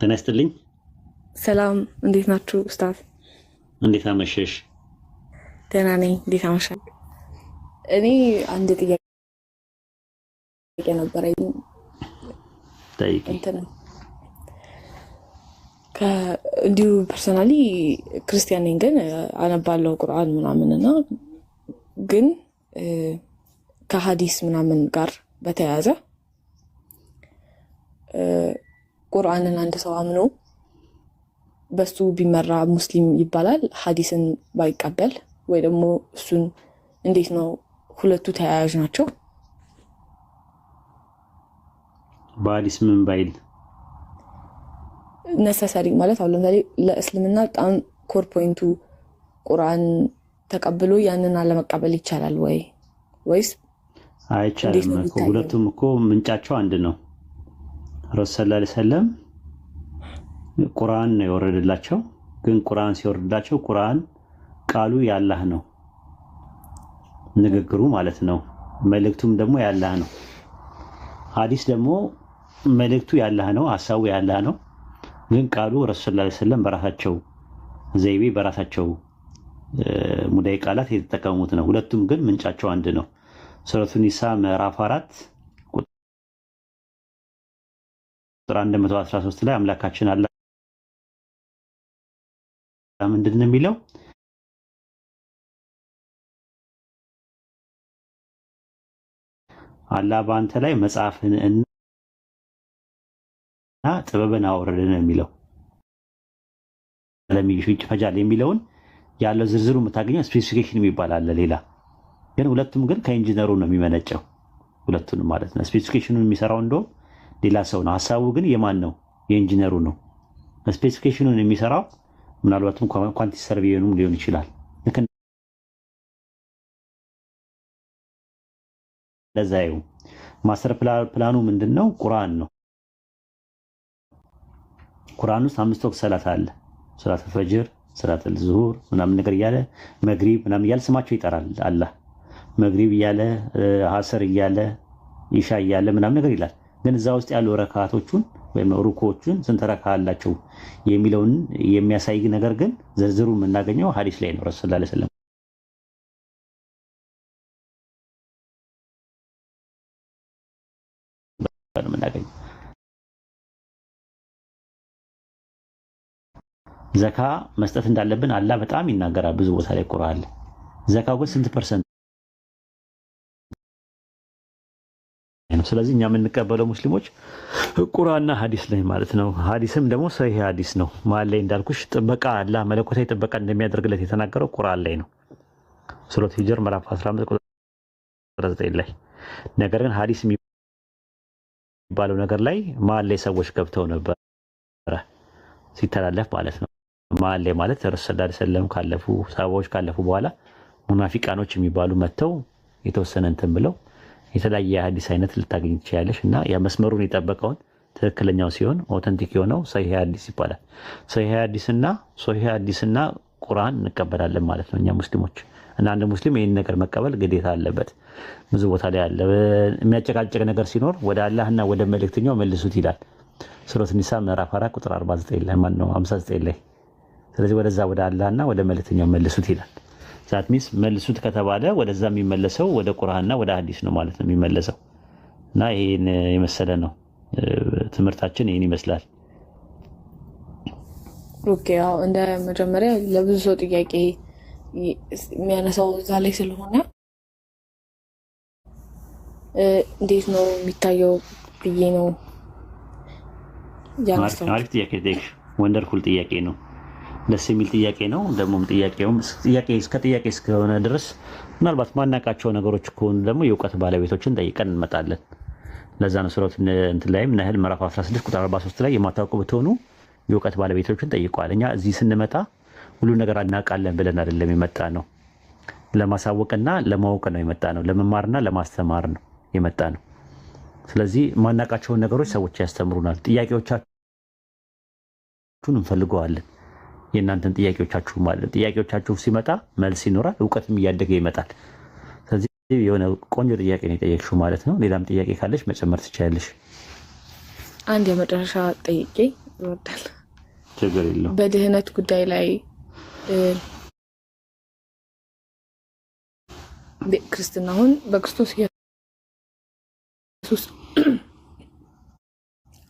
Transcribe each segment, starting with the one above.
ጤና ይስጥልኝ። ሰላም፣ እንዴት ናችሁ ኡስታዝ? እንዴት አመሸሽ? ደህና ነኝ። እንዴት አመሻ? እኔ አንድ ጥያቄ ነበረኝ። እንዲሁ ፐርሰናሊ ክርስቲያን ነኝ፣ ግን አነባለው ቁርአን ምናምን እና ግን ከሀዲስ ምናምን ጋር በተያያዘ ቁርአንን አንድ ሰው አምኖ በሱ ቢመራ ሙስሊም ይባላል። ሀዲስን ባይቀበል ወይ ደግሞ እሱን እንዴት ነው? ሁለቱ ተያያዥ ናቸው። በሀዲስ ምን ባይል ነሰሰሪ ማለት አሁን ለምሳሌ ለእስልምና በጣም ኮር ፖይንቱ ቁርአን ተቀብሎ ያንን አለመቀበል ይቻላል ወይ? ወይስ አይቻልም? ሁለቱም እኮ ምንጫቸው አንድ ነው። ረሱ ሰለላሁ ዐለይሂ ወሰለም ቁርአን ነው የወረደላቸው። ግን ቁርአን ሲወርድላቸው ቁርአን ቃሉ ያላህ ነው፣ ንግግሩ ማለት ነው። መልእክቱም ደግሞ ያላህ ነው። ሀዲስ ደግሞ መልእክቱ ያላህ ነው፣ ሀሳቡ ያላህ ነው። ግን ቃሉ ረሱ ሰለላሁ ዐለይሂ ወሰለም በራሳቸው ዘይቤ በራሳቸው ሙዳይ ቃላት የተጠቀሙት ነው። ሁለቱም ግን ምንጫቸው አንድ ነው። ሱረቱ ኒሳ ምዕራፍ አራት ቁጥር 113 ላይ አምላካችን አለ ምንድን ነው የሚለው? አላ በአንተ ላይ መጽሐፍን እና ጥበብን አወረደ ነው የሚለው። ለሚሹ ይፈጃል የሚለውን ያለው ዝርዝሩ የምታገኘው ስፔሲፊኬሽን የሚባል አለ። ሌላ ግን ሁለቱም ግን ከኢንጂነሩ ነው የሚመነጨው። ሁለቱንም ማለት ነው። ስፔሲፊኬሽኑን የሚሰራው እንደውም ሌላ ሰው ነው። ሀሳቡ ግን የማን ነው? የኢንጂነሩ ነው። ስፔሲፊኬሽኑን የሚሰራው ምናልባትም ኳንቲ ሰርቬዩንም ሊሆን ይችላል። ልክ ለዛ ማስተር ፕላኑ ምንድን ነው? ቁርአን ነው። ቁርአን ውስጥ አምስት ወቅት ሰላት አለ። ሰላት ፈጅር፣ ሰላት አልዙሁር ምናምን ነገር እያለ መግሪብ ምናምን እያለ ስማቸው ይጠራል አላህ መግሪብ እያለ ሀሰር እያለ ይሻ እያለ ምናምን ነገር ይላል ግን እዛ ውስጥ ያሉ ረካቶቹን ወይም ሩኮዎቹን ስንት ረካ አላቸው የሚለውን የሚያሳይ ነገር ግን ዝርዝሩ የምናገኘው ሀዲስ ላይ ነው። ረሱ ላ ስለም ዘካ መስጠት እንዳለብን አላህ በጣም ይናገራል ብዙ ቦታ ላይ ቁርአን። ዘካው ግን ስንት ፐርሰንት አይደለም። ስለዚህ እኛ የምንቀበለው ሙስሊሞች ቁራና ሀዲስ ላይ ማለት ነው። ሀዲስም ደግሞ ሰሂህ ሀዲስ ነው። መሀል ላይ እንዳልኩሽ ጥበቃ አላህ መለኮታዊ ጥበቃ እንደሚያደርግለት የተናገረው ቁርአን ላይ ነው። ሱረት ሂጅር ምዕራፍ 15 ቁጥር 9 ላይ ነገር ግን ሀዲስ የሚባለው ነገር ላይ መሀል ላይ ሰዎች ገብተው ነበረ ሲተላለፍ ማለት ነው። መሀል ላይ ማለት ረሱል ላ ሰለም ካለፉ ሰዎች ካለፉ በኋላ ሙናፊቃኖች የሚባሉ መጥተው የተወሰነ እንትን ብለው የተለያየ የሀዲስ አይነት ልታገኝ ትችላለች እና መስመሩን የጠበቀውን ትክክለኛው ሲሆን ኦተንቲክ የሆነው ሰሂህ ሀዲስ ይባላል። ሰሂህ ሀዲስና ሶሂህ ሀዲስና ቁርአን እንቀበላለን ማለት ነው እኛ ሙስሊሞች እና አንድ ሙስሊም ይህን ነገር መቀበል ግዴታ አለበት። ብዙ ቦታ ላይ አለ የሚያጨቃጨቅ ነገር ሲኖር ወደ አላህና ወደ መልእክተኛው መልሱት ይላል ሱረት ኒሳ ምዕራፍ 4 ቁጥር 49 ላይ ማነው 59 ላይ። ስለዚህ ወደዛ ወደ አላህና ወደ መልእክተኛው መልሱት ይላል። ዛትሚስ መልሱት ከተባለ ወደዛ የሚመለሰው ወደ ቁርአንና ወደ ሀዲስ ነው ማለት ነው የሚመለሰው። እና ይሄን የመሰለ ነው ትምህርታችን፣ ይህን ይመስላል። ኦኬ ያው እንደ መጀመሪያ ለብዙ ሰው ጥያቄ የሚያነሳው እዛ ላይ ስለሆነ እንዴት ነው የሚታየው ብዬ ነው። አሪፍ ጥያቄ፣ ወንደርኩል ጥያቄ ነው። ደስ የሚል ጥያቄ ነው። ደግሞም ጥያቄውም ከጥያቄ እስከሆነ ድረስ ምናልባት ማናቃቸው ነገሮች ከሆኑ ደግሞ የእውቀት ባለቤቶችን ጠይቀን እንመጣለን። ለዛ ነው ሱረት እንትን ላይም ነህል ምዕራፍ 16 ቁጥር 43 ላይ የማታውቁ ብትሆኑ የእውቀት ባለቤቶችን ጠይቋል። እኛ እዚህ ስንመጣ ሁሉ ነገር አናውቃለን ብለን አይደለም የመጣ ነው። ለማሳወቅና ለማወቅ ነው የመጣ ነው። ለመማርና ለማስተማር ነው የመጣ ነው። ስለዚህ ማናቃቸውን ነገሮች ሰዎች ያስተምሩናል። ጥያቄዎቻችሁን እንፈልገዋለን። የእናንተን ጥያቄዎቻችሁ ማለት ጥያቄዎቻችሁ ሲመጣ መልስ ይኖራል፣ እውቀትም እያደገ ይመጣል። ስለዚህ የሆነ ቆንጆ ጥያቄ ነው የጠየቅሽው ማለት ነው። ሌላም ጥያቄ ካለሽ መጨመር ትችላለሽ። አንድ የመጨረሻ ጥያቄ ይወዳል። ችግር የለውም። በድህነት ጉዳይ ላይ ክርስትና አሁን በክርስቶስ ኢየሱስ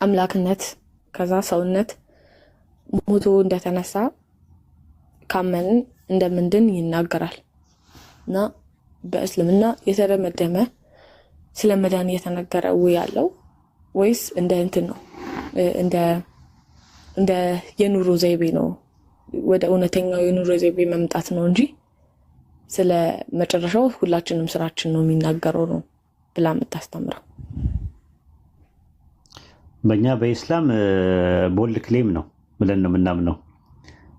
አምላክነት ከዛ ሰውነት ሞቶ እንደተነሳ ካመንን እንደምንድን ይናገራል እና በእስልምና የተደመደመ ስለ መዳን እየተነገረ ው ያለው ወይስ እንደ እንትን ነው እንደ የኑሮ ዘይቤ ነው ወደ እውነተኛው የኑሮ ዘይቤ መምጣት ነው እንጂ ስለ መጨረሻው ሁላችንም ስራችን ነው የሚናገረው ነው ብላ የምታስተምረው በእኛ በኢስላም ቦልድ ክሌም ነው ብለን ነው የምናምነው።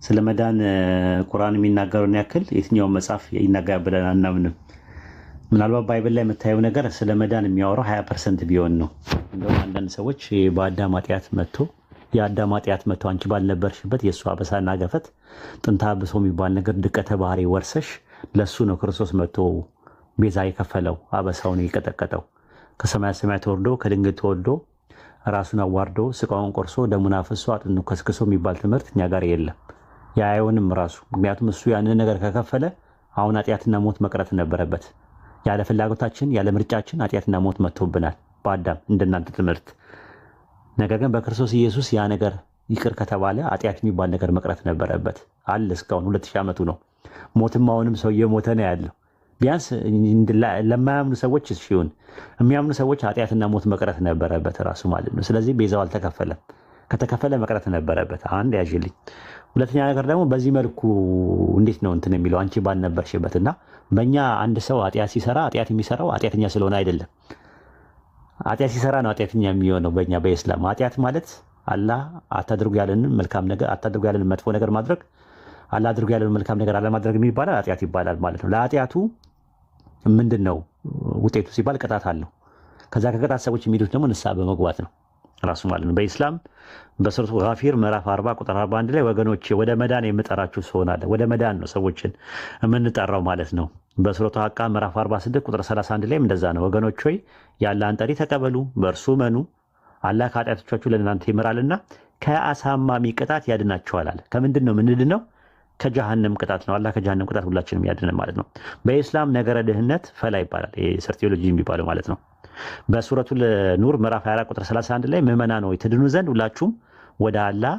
ስለ መዳን ቁርአን የሚናገረውን ያክል የትኛውን መጽሐፍ ይናገር ብለን አናምንም። ምናልባት ባይብል ላይ የምታየው ነገር ስለ መዳን የሚያወራው ሀያ ፐርሰንት ቢሆን ነው። እንደውም አንዳንድ ሰዎች በአዳም ኃጢአት መጥቶ የአዳም ኃጢአት መጥቶ አንቺ ባልነበርሽበት የእሱ አበሳና ገፈት ጥንታ ብሶ የሚባል ነገር ድቀተ ባህሪ ወርሰሽ ለእሱ ነው ክርስቶስ መጥቶ ቤዛ የከፈለው አበሳውን የቀጠቀጠው ከሰማያት ሰማያት ተወልዶ ከድንግል ተወልዶ ራሱን አዋርዶ ስቃውን ቆርሶ ደሙን አፍሶ አጥኑ ከስክሶ የሚባል ትምህርት እኛ ጋር የለም። የአይሆንም ራሱ ምክንያቱም እሱ ያንን ነገር ከከፈለ አሁን አጢአትና ሞት መቅረት ነበረበት። ያለ ፍላጎታችን ያለ ምርጫችን አጢአትና ሞት መጥቶብናል በአዳም እንደናንተ ትምህርት። ነገር ግን በክርስቶስ ኢየሱስ ያ ነገር ይቅር ከተባለ አጢአት የሚባል ነገር መቅረት ነበረበት አለ። እስካሁን ሁለት ሺህ ዓመቱ ነው። ሞትም አሁንም ሰው እየሞተ ነው ያለው ቢያንስ ለማያምኑ ሰዎች ሲሆን የሚያምኑ ሰዎች ኃጢአትና ሞት መቅረት ነበረበት ራሱ ማለት ነው። ስለዚህ ቤዛው አልተከፈለም። ከተከፈለ መቅረት ነበረበት። አንድ ያዥልኝ። ሁለተኛ ነገር ደግሞ በዚህ መልኩ እንዴት ነው እንትን የሚለው አንቺ ባልነበርሽበት እና በእኛ አንድ ሰው ኃጢአት ሲሰራ ኃጢአት የሚሰራው ኃጢአተኛ ስለሆነ አይደለም። ኃጢአት ሲሰራ ነው ኃጢአተኛ የሚሆነው በእኛ በኢስላም ኃጢአት ማለት አላህ አታድርጉ ያለን መልካም ነገር አታድርጉ ያለን መጥፎ ነገር ማድረግ አላህ አድርጉ ያለን መልካም ነገር አለማድረግ የሚባላል ኃጢአት ይባላል ማለት ነው። ለኃጢአቱ ምንድን ነው ውጤቱ ሲባል ቅጣት አለው። ከዛ ከቅጣት ሰዎች የሚሄዱት ደግሞ ንስሐ በመግባት ነው ራሱ ማለት ነው። በኢስላም በሱረቱ ጋፊር ምዕራፍ 40 ቁጥር 41 ላይ ወገኖች ወደ መዳን የምጠራችሁ ስሆናለ ወደ መዳን ነው ሰዎችን የምንጠራው ማለት ነው። በሱረቱ ሐቃ ምዕራፍ 46 ቁጥር 31 ላይም እንደዛ ነው። ወገኖች ሆይ የአላህን ጠሪ ተቀበሉ፣ በእርሱ መኑ፣ አላህ ከኃጢአቶቻችሁ ለእናንተ ይምራልና ከአሳማሚ ቅጣት ያድናቸዋል አለ። ከምንድን ነው ምንድን ነው ከጀሃንም ቅጣት ነው። አላህ ከጀሃንም ቅጣት ሁላችንም የሚያድን ማለት ነው። በኢስላም ነገረ ድህነት ፈላ ይባላል። ሰርቲዮሎጂ የሚባለው ማለት ነው። በሱረቱ ኑር ምዕራፍ 24 ቁጥር 31 ላይ ምዕመናን ነው ትድኑ ዘንድ ሁላችሁም ወደ አላህ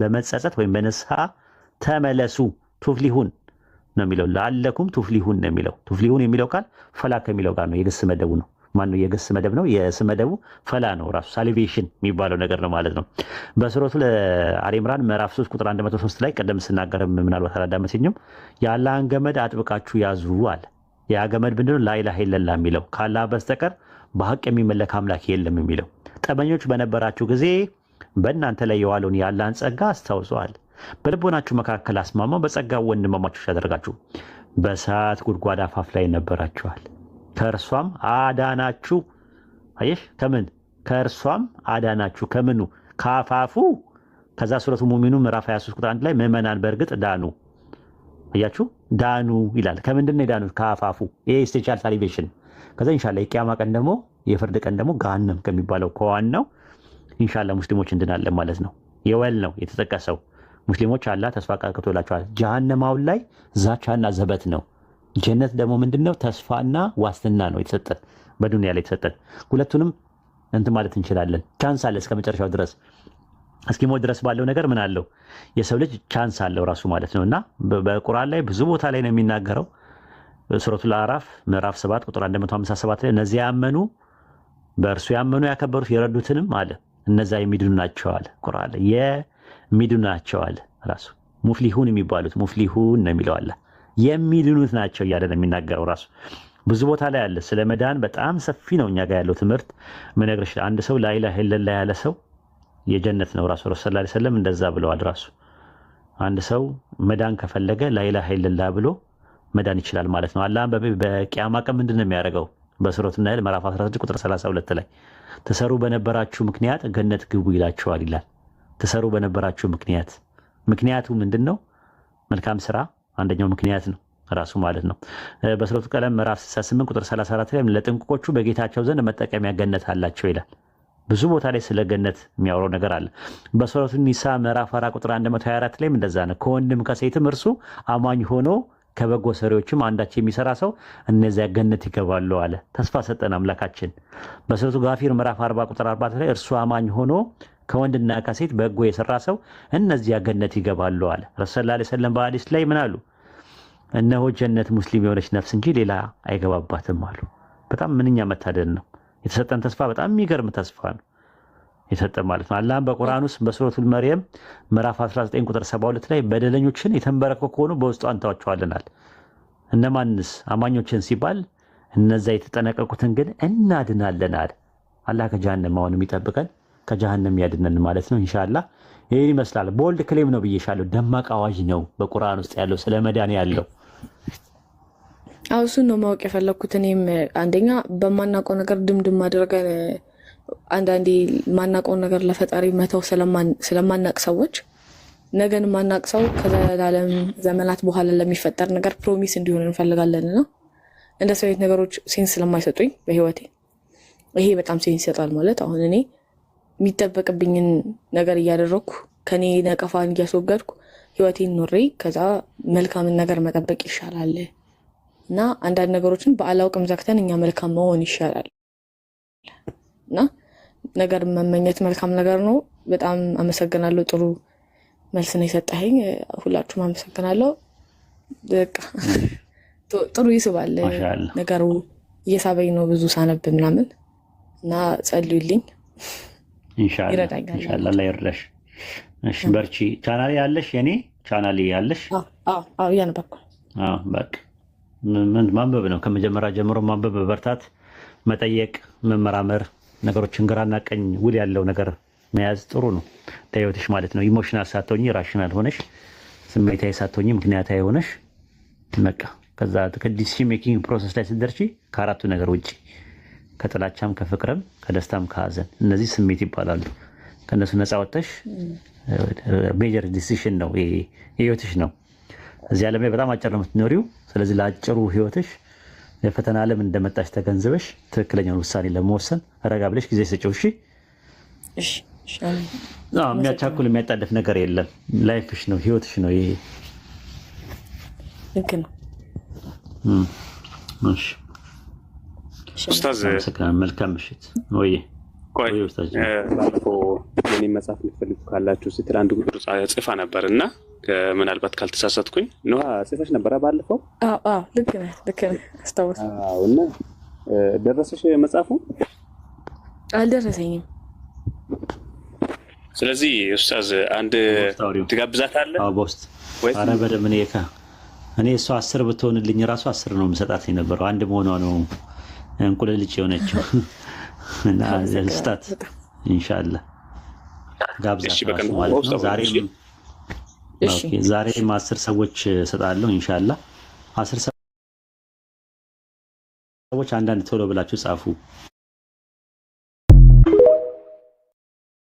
በመጸጸት ወይም በንስሐ ተመለሱ ቱፍሊሁን ነው የሚለው። ለአለኩም ቱፍሊሁን ነው የሚለው። ቱፍሊሁን የሚለው ቃል ፈላ ከሚለው ጋር ነው የግስ መደቡ ነው። ማነው የገስ መደብ ነው። የስ መደቡ ፈላ ነው ራሱ ሳሊቬሽን የሚባለው ነገር ነው ማለት ነው። በሱረቱል አሊ ኢምራን ምዕራፍ 3 ቁጥር 103 ላይ ቀደም ስናገር ምናልባት አላዳመሰኝም። የአላህን ገመድ አጥብቃችሁ ያዙ አለ። ያ ገመድ ምንድነው? ላኢላሃ ኢለላህ የሚለው ከአላህ በስተቀር በሀቅ የሚመለክ አምላክ የለም የሚለው ጠበኞች በነበራችሁ ጊዜ በእናንተ ላይ የዋለውን የአላህን ጸጋ አስታውሰዋል። በልቦናችሁ መካከል አስማማ፣ በጸጋ ወንድማማቾች ያደርጋችሁ። በእሳት ጉድጓድ አፋፍ ላይ ነበራችኋል። ከእርሷም አዳናችሁ። አየሽ፣ ከምን ከእርሷም አዳናችሁ። ከምኑ ካፋፉ። ከዛ ሱረቱ ሙሚኑ ምዕራፍ 23 ቁጥር 1 ላይ ምዕመናን በእርግጥ ዳኑ። አያችሁ፣ ዳኑ ይላል። ከምንድን ነው የዳኑት? ከአፋፉ። ይሄ ስቴቻል ሳሊቬሽን። ከዛ ኢንሻላ የቅያማ ቀን ደግሞ የፍርድ ቀን ደግሞ ገሃነም ከሚባለው ነው ኢንሻላ ሙስሊሞች እንድናለን ማለት ነው። የወል ነው የተጠቀሰው። ሙስሊሞች አላ ተስፋ ቃል ገብቶላቸዋል። ጀሃነም ላይ ዛቻና ዘበት ነው። ጀነት ደግሞ ምንድን ነው? ተስፋና ዋስትና ነው የተሰጠን በዱኒያ ላይ የተሰጠን። ሁለቱንም እንትን ማለት እንችላለን። ቻንስ አለ እስከ መጨረሻው ድረስ እስኪሞት ድረስ ባለው ነገር ምን አለው የሰው ልጅ ቻንስ አለው ራሱ ማለት ነው። እና በቁርአን ላይ ብዙ ቦታ ላይ ነው የሚናገረው። ሱረቱ ለአራፍ ምዕራፍ 7 ቁጥር 157 ላይ እነዚያ ያመኑ በእርሱ ያመኑ ያከበሩት የረዱትንም አለ እነዛ የሚድኑ ናቸዋል። አለ ቁርአን ላይ የሚድኑ ናቸዋል ራሱ ሙፍሊሁን የሚባሉት ሙፍሊሁን ነው የሚለው አለ የሚልኑት ናቸው እያለ ነው የሚናገረው ራሱ ብዙ ቦታ ላይ አለ። ስለ መዳን በጣም ሰፊ ነው እኛ ጋር ያለው ትምህርት ምነግርሽ። አንድ ሰው ላኢላሀ ኢለላህ ያለ ሰው የጀነት ነው። ራሱ ረሱ ሰለላሁ ዐለይሂ እንደዛ ብለዋል። ራሱ አንድ ሰው መዳን ከፈለገ ላኢላሀ ኢለላህ ብሎ መዳን ይችላል ማለት ነው። አላህ በቅያማ ቀን ምንድን ነው የሚያደርገው? በሱረቱ ናህል ምዕራፍ 16 ቁጥር 32 ላይ ተሰሩ በነበራችሁ ምክንያት ገነት ግቡ ይላችኋል ይላል። ተሰሩ በነበራችሁ ምክንያት ምክንያቱ ምንድን ነው? መልካም ስራ አንደኛው ምክንያት ነው ራሱ ማለት ነው። በስለቱ ቀለም ምዕራፍ 68 ቁጥር 34 ላይ ለጥንቆቹ በጌታቸው ዘንድ መጠቀሚያ ገነት አላቸው ይላል። ብዙ ቦታ ላይ ስለ ገነት የሚያወራው ነገር አለ። በሱረቱ ኒሳ ምዕራፍ 4 ቁጥር 124 ላይም እንደዛ ነው። ከወንድም ከሴትም እርሱ አማኝ ሆኖ ከበጎ ሰሪዎችም አንዳቸው የሚሰራ ሰው እነዚያ ገነት ይገባሉ አለ። ተስፋ ሰጠን አምላካችን። በሱረቱ ጋፊር ምዕራፍ 40 ቁጥር 4 ላይ እርሱ አማኝ ሆኖ ከወንድና ከሴት በጎ የሰራ ሰው እነዚያ ገነት ይገባሉ አለ። ረሱ ላ ሰለም በሐዲስ ላይ ምን አሉ? እነሆ ጀነት ሙስሊም የሆነች ነፍስ እንጂ ሌላ አይገባባትም አሉ። በጣም ምንኛ መታደል ነው! የተሰጠን ተስፋ በጣም የሚገርም ተስፋ ነው የሰጠን ማለት ነው። አላህም በቁርአን ውስጥ በሱረቱል መርየም ምዕራፍ 19 ቁጥር 72 ላይ በደለኞችን የተንበረከ ከሆኑ በውስጡ አንተዋቸዋለናል። እነማንስ አማኞችን ሲባል እነዛ የተጠነቀቁትን ግን እናድናለናል አላህ ከጀሃነም አሁን የሚጠብቀን ከጀሃነም ያድነን ማለት ነው። እንሻላ ይህን ይመስላል። ቦልድ ክሌም ነው ብዬሻለሁ። ደማቅ አዋጅ ነው በቁርአን ውስጥ ያለው ስለ መዳን ያለው አሁ እሱን ነው ማወቅ የፈለግኩት። እኔም አንደኛ በማናውቀው ነገር ድምድም አድርገን አንዳንዴ ማናውቀውን ነገር ለፈጣሪ መተው ስለማናቅ ሰዎች ነገን ማናቅ ሰው ከዘላለም ዘመናት በኋላ ለሚፈጠር ነገር ፕሮሚስ እንዲሆን እንፈልጋለን ነው። እንደ ሰው ቤት ነገሮች ሴንስ ስለማይሰጡኝ በህይወቴ ይሄ በጣም ሴንስ ይሰጣል። ማለት አሁን እኔ የሚጠበቅብኝን ነገር እያደረግኩ ከኔ ነቀፋን እያስወገድኩ ህይወቴን ኖሬ ከዛ መልካምን ነገር መጠበቅ ይሻላል እና አንዳንድ ነገሮችን በአላውቅም ዘግተን እኛ መልካም መሆን ይሻላል እና ነገር መመኘት መልካም ነገር ነው። በጣም አመሰግናለሁ። ጥሩ መልስ ነው የሰጠኸኝ። ሁላችሁም አመሰግናለሁ። በቃ ጥሩ ይስባል ነገሩ እየሳበኝ ነው ብዙ ሳነብ ምናምን እና ጸልዩልኝ። ይረዳኛል። ይረዳሽ። በርቺ። ቻናል ያለሽ የኔ ቻናል ያለሽ? እያነበብኩ። በቃ ማንበብ ነው ከመጀመሪያ ጀምሮ ማንበብ፣ በርታት፣ መጠየቅ፣ መመራመር፣ ነገሮችን ግራና ቀኝ ውል ያለው ነገር መያዝ ጥሩ ነው ለህይወትሽ ማለት ነው። ኢሞሽናል ሳትሆኝ ራሽናል ሆነሽ ስሜታዊ ሳትሆኝ ምክንያታዊ ሆነሽ በቃ ከዛ ከዲሲሽን ሜኪንግ ፕሮሰስ ላይ ስትደርሺ ከአራቱ ነገር ውጭ ከጥላቻም፣ ከፍቅርም፣ ከደስታም፣ ከሀዘን እነዚህ ስሜት ይባላሉ። ከነሱ ነፃ ወጥተሽ ሜጀር ዲሲሽን ነው ህይወትሽ ነው። እዚህ ዓለም ላይ በጣም አጭር ነው የምትኖሪው። ስለዚህ ለአጭሩ ህይወትሽ የፈተና ዓለም እንደመጣሽ ተገንዝበሽ ትክክለኛውን ውሳኔ ለመወሰን ረጋ ብለሽ ጊዜ ሰጭው። እሺ፣ የሚያቻኩል የሚያጣደፍ ነገር የለም። ላይፍሽ ነው ህይወትሽ ነው ይሄ። ልክ ነው። ኡስታዝ መልካም ምሽት ወይ ቆይ ባለፈው የኔ መጽሐፍ የምትፈልጉ ካላችሁ ስትል አንድ ቁጥር ጽፋ ነበር እና ምናልባት ካልተሳሳትኩኝ ንሃ ጽፈሽ ነበረ ባለፈው። ልክ ነህ ልክ ነህ አስታወስኩ። እና ደረሰሽ መጽሐፉ? አልደረሰኝም። ስለዚህ ኡስታዝ አንድ ትጋብዛት አለ በውስጥ ኧረ በደምብ እኔ ከ እኔ እሷ አስር ብትሆንልኝ ራሱ አስር ነው የምሰጣት የነበረው አንድ መሆኗ ነው እንቁልልጭ የሆነችው። ለስታት ኢንሻአላ ጋብዛት ማለት ነው። ዛሬም አስር ሰዎች እሰጣለሁ እንሻላ። አስር ሰዎች አንዳንድ ቶሎ ብላችሁ ጻፉ።